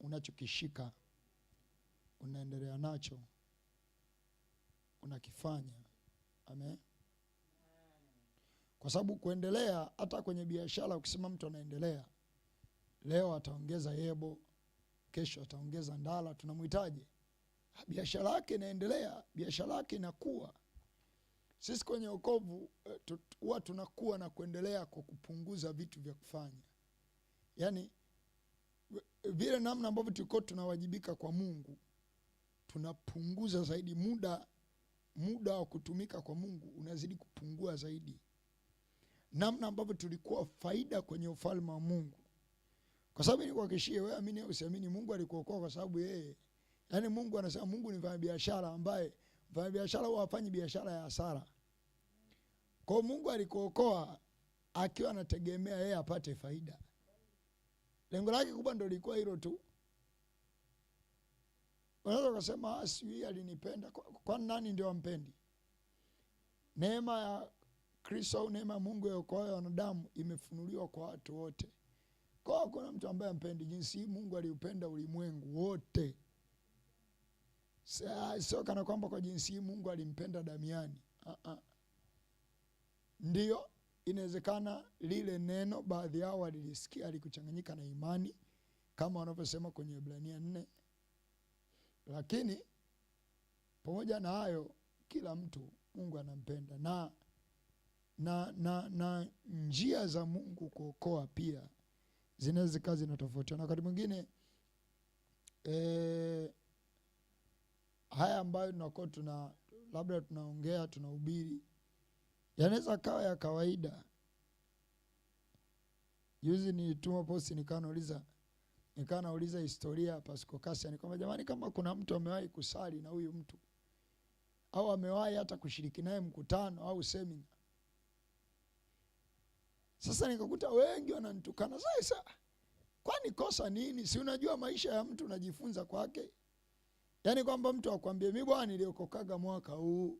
unachokishika unaendelea nacho unakifanya. Amen. Kwa sababu kuendelea, hata kwenye biashara, ukisema mtu anaendelea leo, ataongeza yebo, kesho ataongeza ndala, tunamhitaji ah, biashara yake inaendelea, biashara yake inakuwa. Sisi kwenye okovu eh, huwa tunakuwa na kuendelea kwa kupunguza vitu vya kufanya, yaani vile namna ambavyo tulikuwa tunawajibika kwa Mungu, tunapunguza zaidi muda muda wa kutumika kwa Mungu unazidi kupungua zaidi, namna ambavyo tulikuwa faida kwenye ufalme wa Mungu. Kwa sababu nikuhakikishie wewe, amini au usiamini, Mungu alikuokoa kwa sababu yeye, yaani Mungu anasema, Mungu ni biashara ambaye mfanyabiashara huwa hafanyi biashara ya hasara. Kwa hiyo Mungu alikuokoa akiwa anategemea yeye apate faida lengo lake kubwa ndo lilikuwa hilo tu. Unaweza ukasema ah, sijui alinipenda. Kwani nani ndio ampendi? Neema ya Kristo au neema ya Mungu yaokoayo wanadamu imefunuliwa kwa watu wote, kwa hakuna mtu ambaye ampendi. Jinsi hii Mungu aliupenda ulimwengu wote, sio kana kwamba kwa jinsi hii Mungu alimpenda Damiani. uh -uh. Inawezekana lile neno baadhi yao walilisikia likuchanganyika na imani kama wanavyosema kwenye Ibrania nne, lakini pamoja na hayo, kila mtu Mungu anampenda na, na, na, na njia za Mungu kuokoa pia zinaweza zikawa zinatofautiana wakati mwingine e, haya ambayo tunakuwa tuna labda tunaongea tunahubiri yanaweza kawa ya kawaida. Juzi nilituma posti nikaanauliza nauliza nikaa nauliza historia Pasco Kasia, nikwamba jamani, kama kuna mtu amewahi kusali na huyu mtu au amewahi hata kushiriki naye mkutano au semina. Sasa nikakuta wengi wananitukana. Sasa kwani kosa nini? Si unajua maisha ya mtu unajifunza kwake, yaani kwamba mtu akwambie mi bwana niliokokaga mwaka huu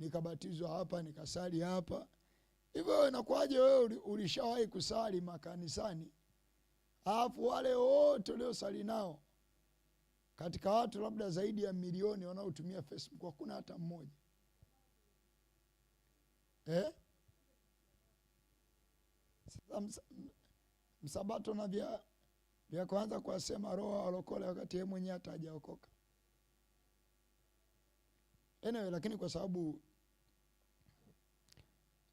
nikabatizwa hapa nikasali hapa. Hivyo inakuwaje wewe ulishawahi kusali makanisani, alafu wale wote uliosali nao katika watu labda zaidi ya milioni wanaotumia Facebook hakuna hata mmoja eh? Sasa msabato na vya, vya kwanza kuwasema roho alokole wakati yeye mwenyewe hata hajaokoka. Anyway, lakini kwa sababu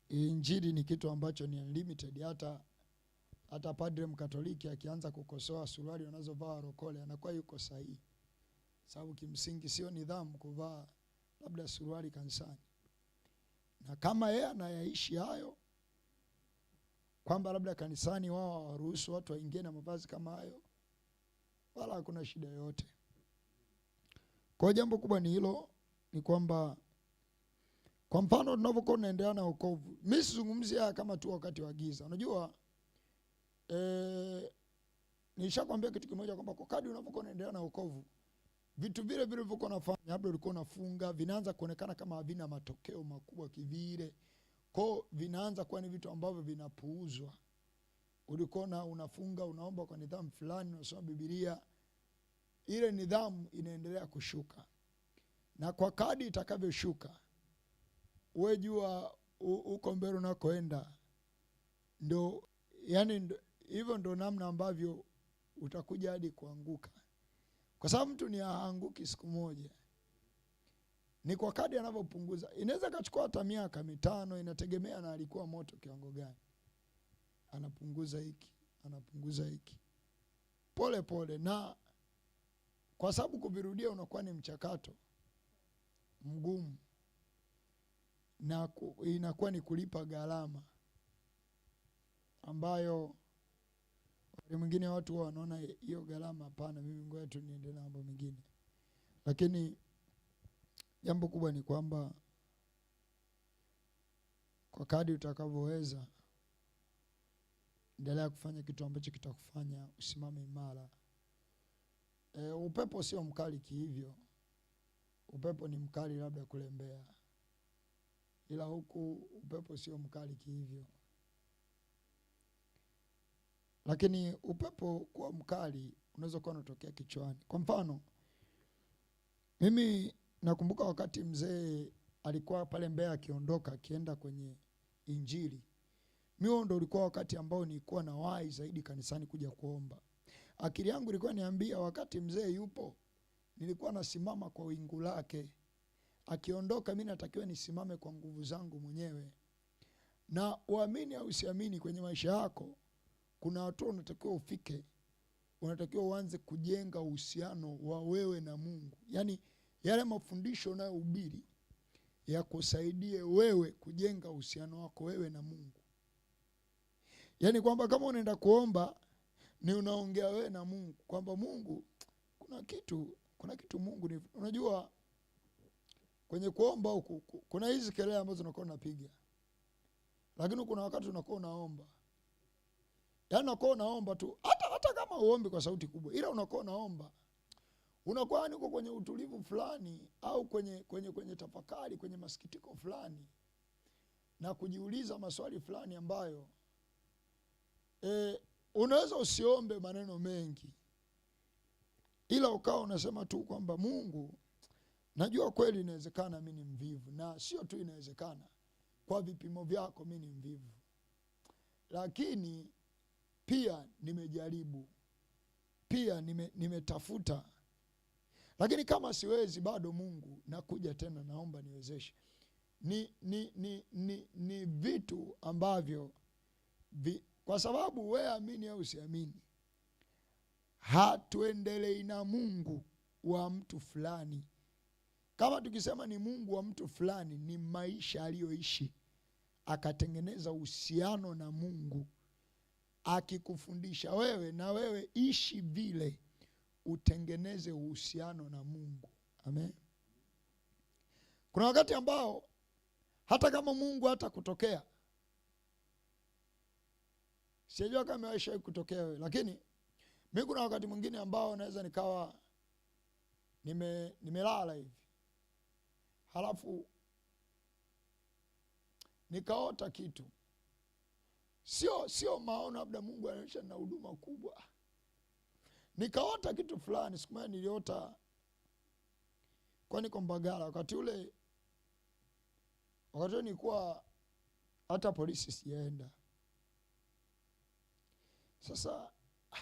Injili ni kitu ambacho ni unlimited. Hata hata padre mkatoliki akianza kukosoa suruali wanazovaa warokole anakuwa yuko sahihi, sababu kimsingi sio nidhamu kuvaa labda suruali kanisani, na kama yeye anayaishi hayo kwamba labda kanisani wao hawaruhusu watu waingie na mavazi kama hayo, wala hakuna shida yoyote. Kwa jambo kubwa ni hilo, ni kwamba kwa mfano tunapokuwa tunaendelea na wokovu, mimi sizungumzia kama tu wakati wa giza. Unajua eh, nishakwambia kitu kimoja kwamba kwa kadri unapokuwa unaendelea na wokovu, vitu vile vile vilivyokuwa unafanya labda ulikuwa unafunga vinaanza kuonekana kama havina matokeo makubwa kivile, Kwa vinaanza kuwa ni vitu ambavyo vinapuuzwa. Ulikuwa na unafunga unaomba kwa nidhamu fulani, unasoma Biblia, ile nidhamu inaendelea kushuka, na kwa kadri itakavyoshuka we jua uko mbele unakoenda, ndo yani hivyo ndo namna ambavyo utakuja hadi kuanguka, kwa sababu mtu ni aanguki siku moja, ni kwa kadi anavyopunguza. Inaweza kachukua hata miaka mitano, inategemea na alikuwa moto kiwango gani. Anapunguza hiki, anapunguza hiki pole pole, na kwa sababu kuvirudia unakuwa ni mchakato mgumu na inakuwa ni kulipa gharama ambayo wakati mwingine watu wanaona hiyo gharama, hapana, mimi ngoja tu niende na mambo mengine. Lakini jambo kubwa ni kwamba kwa kadi utakavyoweza endelea kufanya kitu ambacho kitakufanya usimame imara. E, upepo sio mkali kihivyo. Upepo ni mkali labda kulembea ila huku upepo sio mkali kihivyo, lakini upepo kuwa mkali unaweza kuwa unatokea kichwani. Kwa mfano, mimi nakumbuka wakati mzee alikuwa pale mbee akiondoka akienda kwenye Injili, mimi ndo ulikuwa wakati ambao nilikuwa na wai zaidi kanisani kuja kuomba. Akili yangu ilikuwa niambia wakati mzee yupo, nilikuwa nasimama kwa wingu lake Akiondoka mi natakiwa nisimame kwa nguvu zangu mwenyewe, na uamini au usiamini kwenye maisha yako, kuna hatua unatakiwa ufike, unatakiwa uanze kujenga uhusiano wa wewe na Mungu, yaani yale mafundisho unayohubiri yakusaidie wewe kujenga uhusiano wako wewe na Mungu, yaani kwamba kama unaenda kuomba ni unaongea wewe na Mungu kwamba Mungu, kuna kitu kuna kitu Mungu ni, unajua kwenye kuomba huku kuna hizi kelele ambazo unakuwa unapiga, lakini kuna wakati unakuwa unaomba, yaani unakuwa unaomba tu, hata hata kama uombi kwa sauti kubwa, ila unakuwa unaomba, unakuwa yani uko kwenye utulivu fulani, au kwenye kwenye kwenye tafakari, kwenye masikitiko fulani na kujiuliza maswali fulani ambayo e, unaweza usiombe maneno mengi, ila ukawa unasema tu kwamba Mungu Najua kweli inawezekana mi ni mvivu, na sio tu inawezekana, kwa vipimo vyako mi ni mvivu, lakini pia nimejaribu, pia nime, nimetafuta, lakini kama siwezi bado, Mungu nakuja tena, naomba niwezeshe. Ni, ni, ni, ni, ni vitu ambavyo vi, kwa sababu we amini au siamini, hatuendelei na Mungu wa mtu fulani kama tukisema ni Mungu wa mtu fulani, ni maisha aliyoishi akatengeneza uhusiano na Mungu, akikufundisha wewe, na wewe ishi vile, utengeneze uhusiano na Mungu. Amen. Kuna wakati ambao hata kama Mungu hata kutokea, sijajua kama waishawahi kutokea wewe, lakini mi kuna wakati mwingine ambao naweza nikawa nime nimelala hivi halafu nikaota kitu, sio sio maono, labda Mungu anaonyesha na huduma kubwa. Nikaota kitu fulani, siku niliota kwa niko Mbagala wakati ule, wakati ule nilikuwa hata polisi sijaenda. Sasa ah,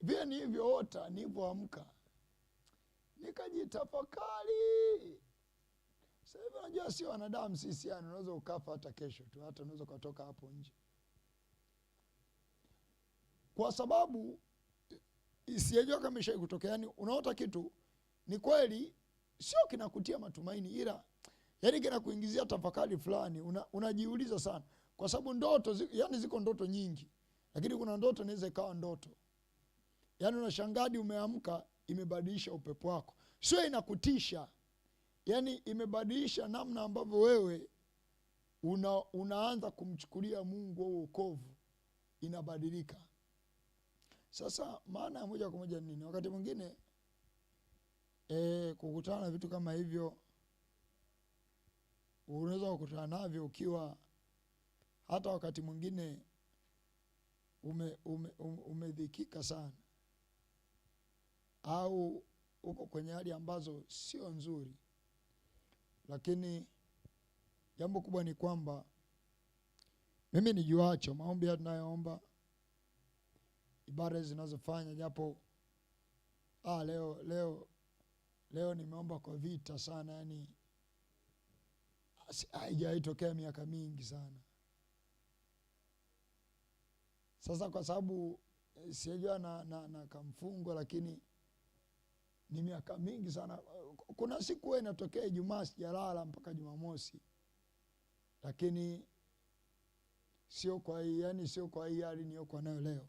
vile nilivyoota nilivyoamka nikajitafakari. Sasa hivi sio wanadamu sisi, yani unaweza ukafa hata kesho tu, hata unaweza ukatoka hapo nje, kwa sababu isiyejua kama ishai kutokea. Yani unaota kitu ni kweli, sio kinakutia matumaini, ila yani kinakuingizia tafakari fulani, unajiuliza una sana, kwa sababu ndoto yani ziko ndoto nyingi, lakini kuna ndoto inaweza ikawa ndoto, yani unashangadi umeamka imebadilisha upepo wako, sio inakutisha, yaani imebadilisha namna ambavyo wewe una, unaanza kumchukulia Mungu wa uokovu, inabadilika. Sasa maana ya moja kwa moja ni nini? Wakati mwingine e, kukutana na vitu kama hivyo unaweza kukutana navyo ukiwa hata wakati mwingine umedhikika ume, ume, ume sana au uko kwenye hali ambazo sio nzuri, lakini jambo kubwa ni kwamba mimi nijuacho, maombi ya tunayoomba, ibada zinazofanya, japo ah, leo leo leo nimeomba kwa vita sana, yani haijaitokea miaka mingi sana sasa, kwa sababu eh, sijajua na, na, na kamfungo lakini ni miaka mingi sana. Kuna siku huwa inatokea Ijumaa sijalala mpaka Jumamosi, lakini sio kwa hii, yani sio kwa hii hali niliyokuwa nayo leo.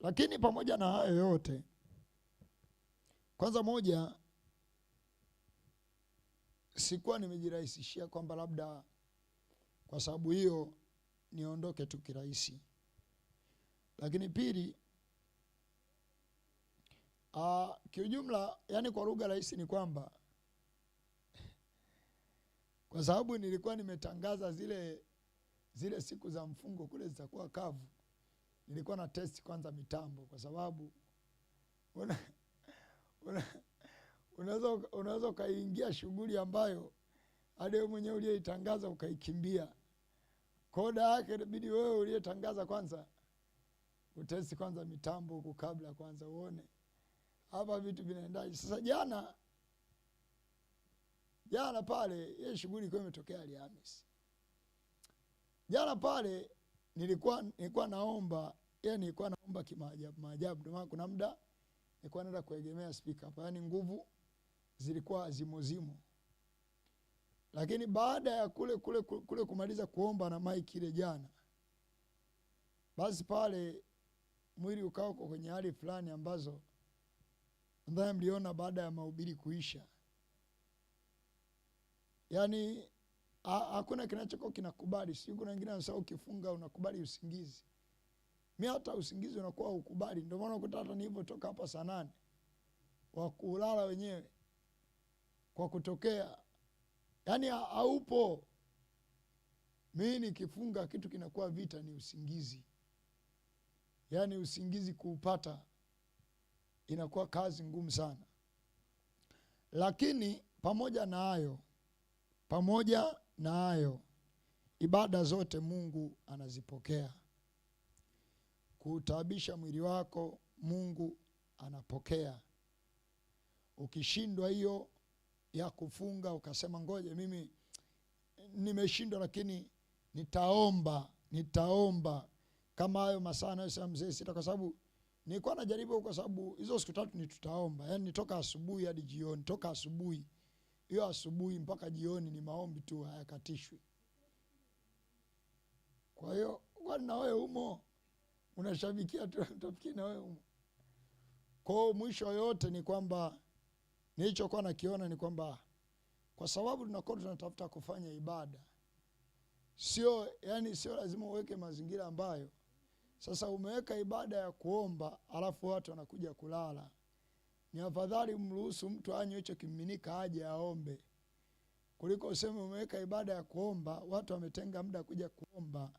Lakini pamoja na hayo yote, kwanza moja, sikuwa nimejirahisishia kwamba labda kwa sababu hiyo niondoke tu kirahisi, lakini pili Uh, kiujumla, yani kwa lugha rahisi ni kwamba kwa sababu nilikuwa nimetangaza zile zile siku za mfungo kule zitakuwa kavu, nilikuwa na test kwanza mitambo, kwa sababu una unaweza ukaingia shughuli ambayo hadi wewe mwenyewe uliyeitangaza ukaikimbia. Koda yake inabidi wewe uliyetangaza kwanza utesti kwanza mitambo huku kabla kwanza uone hapa vitu vinaendaje? Sasa jana jana pale ile shughuli ilikuwa imetokea Alhamisi. Jana pale nilikuwa nilikuwa naomba yani, nilikuwa naomba kimaajabu maajabu, ndio maana kuna muda nilikuwa naenda kuegemea spika hapa, yani nguvu zilikuwa zimozimo, lakini baada ya kule kule kule kumaliza kuomba na maiki ile jana, basi pale mwili ukawa kwenye hali fulani ambazo ambaye mliona baada ya mahubiri kuisha. Yaani hakuna kinachokuwa kinakubali. Sijui kuna wengine wanasema ukifunga unakubali usingizi. Mi hata usingizi unakuwa ukubali, ndomaana kuta hata nilivyotoka hapa saa nane wakulala wenyewe kwa kutokea, yaani haupo. Mi nikifunga kitu kinakuwa vita ni usingizi, yaani usingizi kuupata inakuwa kazi ngumu sana. Lakini pamoja na hayo, pamoja na hayo, ibada zote Mungu anazipokea. Kuutaabisha mwili wako Mungu anapokea. Ukishindwa hiyo ya kufunga ukasema ngoje, mimi nimeshindwa, lakini nitaomba nitaomba kama hayo masaa anayosema mzee Sita, kwa sababu nilikuwa najaribu kwa sababu hizo siku tatu ni tutaomba, yani nitoka asubuhi hadi jioni, toka asubuhi hiyo asubuhi mpaka jioni ni maombi tu, hayakatishwi. Kwa hiyo kwani na wewe umo unashabikia tu mtafikiri na wewe umo. Kwa hiyo mwisho yote ni kwamba nilichokuwa nakiona ni kwamba kwa sababu tunakuwa tunatafuta kufanya ibada, sio yani, sio lazima uweke mazingira ambayo sasa umeweka ibada ya kuomba alafu watu wanakuja kulala, ni afadhali mruhusu mtu anywe hicho kimiminika aje aombe kuliko useme umeweka ibada ya kuomba, watu wametenga muda kuja kuomba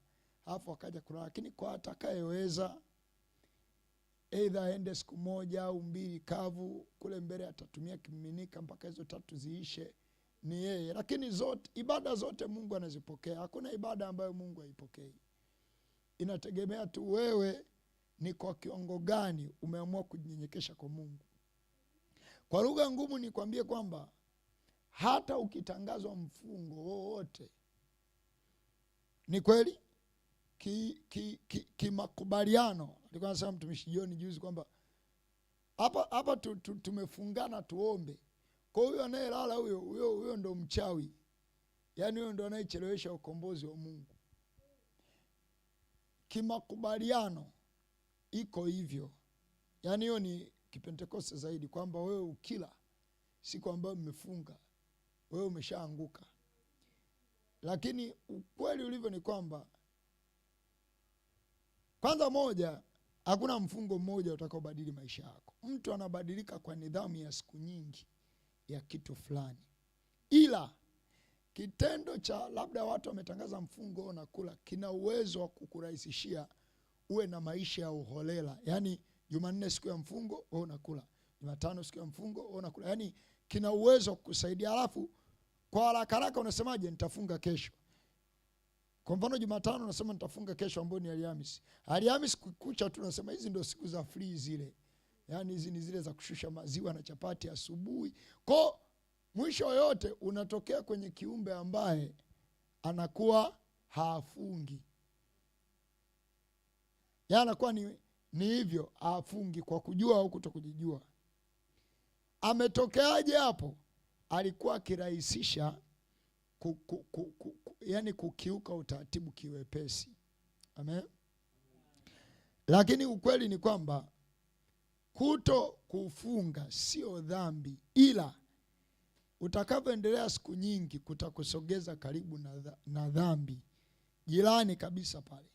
alafu wakaja kulala. Lakini kwa atakayeweza, eidha aende siku moja au mbili kavu kule mbele, atatumia kimiminika mpaka hizo tatu ziishe, ni yeye. Lakini zote ibada zote Mungu anazipokea, hakuna ibada ambayo Mungu haipokei inategemea tu wewe ni kwa kiwango gani umeamua kujinyenyekesha kwa Mungu. Kwa lugha ngumu nikwambie kwamba hata ukitangazwa mfungo wowote, ni kweli kimakubaliano ki, ki, ki alikuwa anasema mtumishi Joni juzi kwamba hapa hapa tu, tu, tumefungana tuombe. Kwa huyo anayelala huyo huyo huyo ndo mchawi, yaani huyo ndo anayechelewesha ukombozi wa Mungu kimakubaliano iko hivyo. Yaani hiyo ni kipentekoste zaidi, kwamba wewe ukila siku ambayo mmefunga wewe umeshaanguka. Lakini ukweli ulivyo ni kwamba kwanza, moja, hakuna mfungo mmoja utakaobadili maisha yako. Mtu anabadilika kwa nidhamu ya siku nyingi ya kitu fulani, ila kitendo cha labda watu wametangaza mfungo na kula kina uwezo wa kukurahisishia uwe na maisha ya uholela, Yani Jumanne siku ya mfungo wewe unakula, Jumatano siku ya mfungo wewe unakula, yani kina uwezo wa kukusaidia. Alafu kwa haraka haraka unasemaje, nitafunga kesho. Kwa mfano Jumatano unasema nitafunga kesho, ambayo ni Alhamisi. Alhamisi kukucha tu unasema hizi ndio siku za free zile, yani hizi ni zile za kushusha maziwa na chapati asubuhi kwao Mwisho yote unatokea kwenye kiumbe ambaye anakuwa haafungi, ya anakuwa ni, ni hivyo haafungi kwa kujua au kuto kujijua Ametokeaje hapo? Alikuwa akirahisisha ku, ku, ku, ku, yani kukiuka utaratibu kiwepesi. Amen. Lakini ukweli ni kwamba kuto kufunga sio dhambi ila Utakavyoendelea siku nyingi kutakusogeza karibu na dhambi, jirani kabisa pale.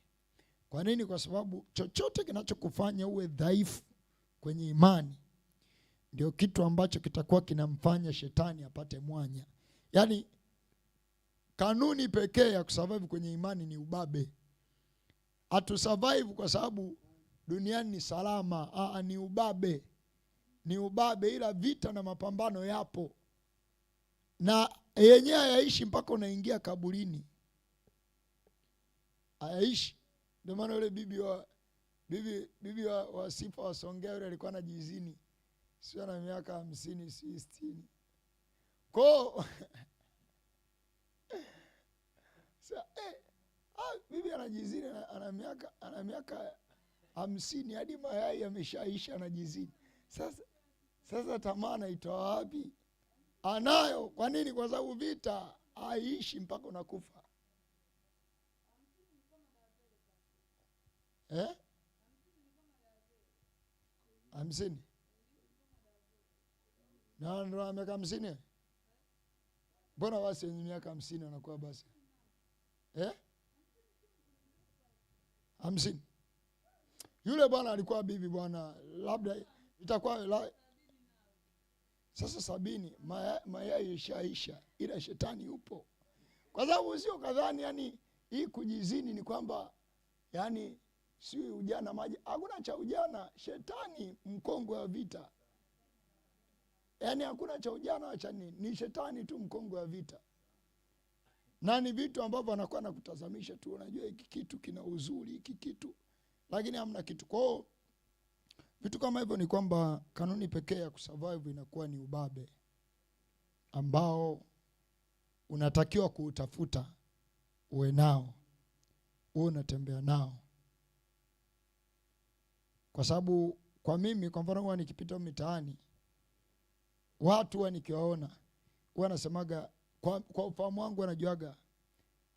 Kwa nini? Kwa sababu chochote kinachokufanya uwe dhaifu kwenye imani ndio kitu ambacho kitakuwa kinamfanya shetani apate mwanya. Yaani, kanuni pekee ya kusurvive kwenye imani ni ubabe. Hatusurvive kwa sababu duniani ni salama. Aa, ni ubabe, ni ubabe, ila vita na mapambano yapo na yenyewe hayaishi mpaka unaingia kaburini, hayaishi. Ndio maana yule bibi wa bibi, bibi wa, wa Sifa wasongea yule alikuwa na jizini, sio na miaka hamsini si stini ko Sa, eh, ah, bibi anajizini ana miaka ana miaka hamsini hadi mayai ameshaisha anajizini. Sasa sasa tamaa naitoa wapi? Anayo. Kwa nini? Kwa sababu vita haiishi mpaka unakufa eh? hamsini na miaka hamsini. Mbona basi wenye miaka hamsini wanakuwa basi eh? hamsini. Yule bwana alikuwa bibi bwana, labda itakuwa la, sasa sabini mayai ishaisha, ila shetani yupo, kwa sababu sio kadhani. Yani hii kujizini ni kwamba yani si ujana maji, hakuna cha ujana. Shetani mkongwe wa vita, yani hakuna cha ujana cha nini, ni shetani tu mkongwe wa vita, na ni vitu ambavyo anakuwa nakutazamisha tu, unajua hiki kitu kina uzuri, hiki kitu, lakini hamna kitu kwao Vitu kama hivyo ni kwamba kanuni pekee ya kusurvive inakuwa ni ubabe ambao unatakiwa kuutafuta, uwe nao, uwe unatembea nao, kwa sababu kwa mimi, kwa mfano, huwa nikipita mitaani, watu huwa nikiwaona, huwa anasemaga kwa, kwa ufahamu wangu wanajuaga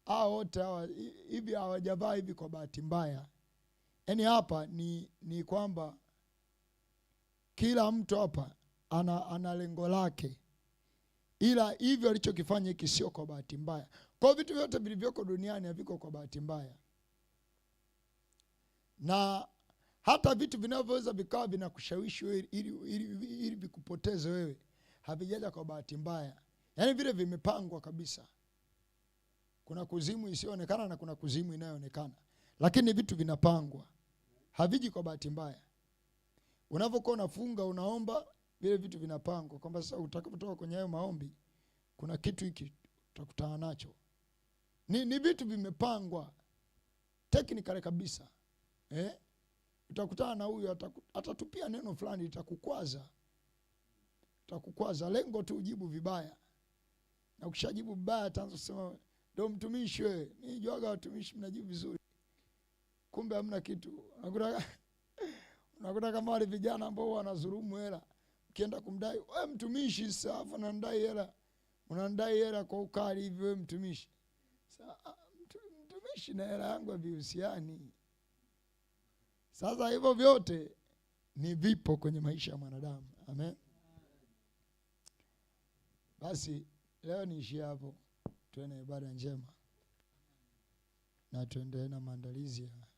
aa wote hawa hivi hawajavaa hivi kwa bahati mbaya, yaani hapa ni, ni kwamba kila mtu hapa ana, ana lengo lake, ila hivyo alichokifanya hiki sio kwa bahati mbaya. Kwa vitu vyote vilivyoko duniani haviko kwa bahati mbaya, na hata vitu vinavyoweza vikawa vinakushawishi wewe ili vikupoteze wewe havijaja kwa bahati mbaya, yaani vile vimepangwa kabisa. Kuna kuzimu isiyoonekana na kuna kuzimu inayoonekana, lakini vitu vinapangwa, haviji kwa bahati mbaya. Unapokuwa unafunga unaomba, vile vitu vinapangwa kwamba sasa utakapotoka kwenye hayo maombi kuna kitu hiki utakutana nacho. Ni, ni vitu vimepangwa technical kabisa eh? Utakutana na huyu atatupia neno fulani litakukwaza, utakukwaza lengo tu ujibu vibaya, na ukishajibu vibaya ataanza kusema ndo mtumishi wewe, mimi jwaga watumishi mnajibu vizuri, kumbe hamna kitu. unakuta kama wale vijana ambao wanazulumu hela, ukienda kumdai wewe mtumishi, sasa unadai hela, unadai hela kwa ukali hivi, wewe mtumishi. Sasa ah, mtumishi na hela yangu vihusiani. Sasa hivyo vyote ni vipo kwenye maisha ya mwanadamu. Amen. Basi leo niishie hapo, tuwe na ibada njema na tuendelee na maandalizi ya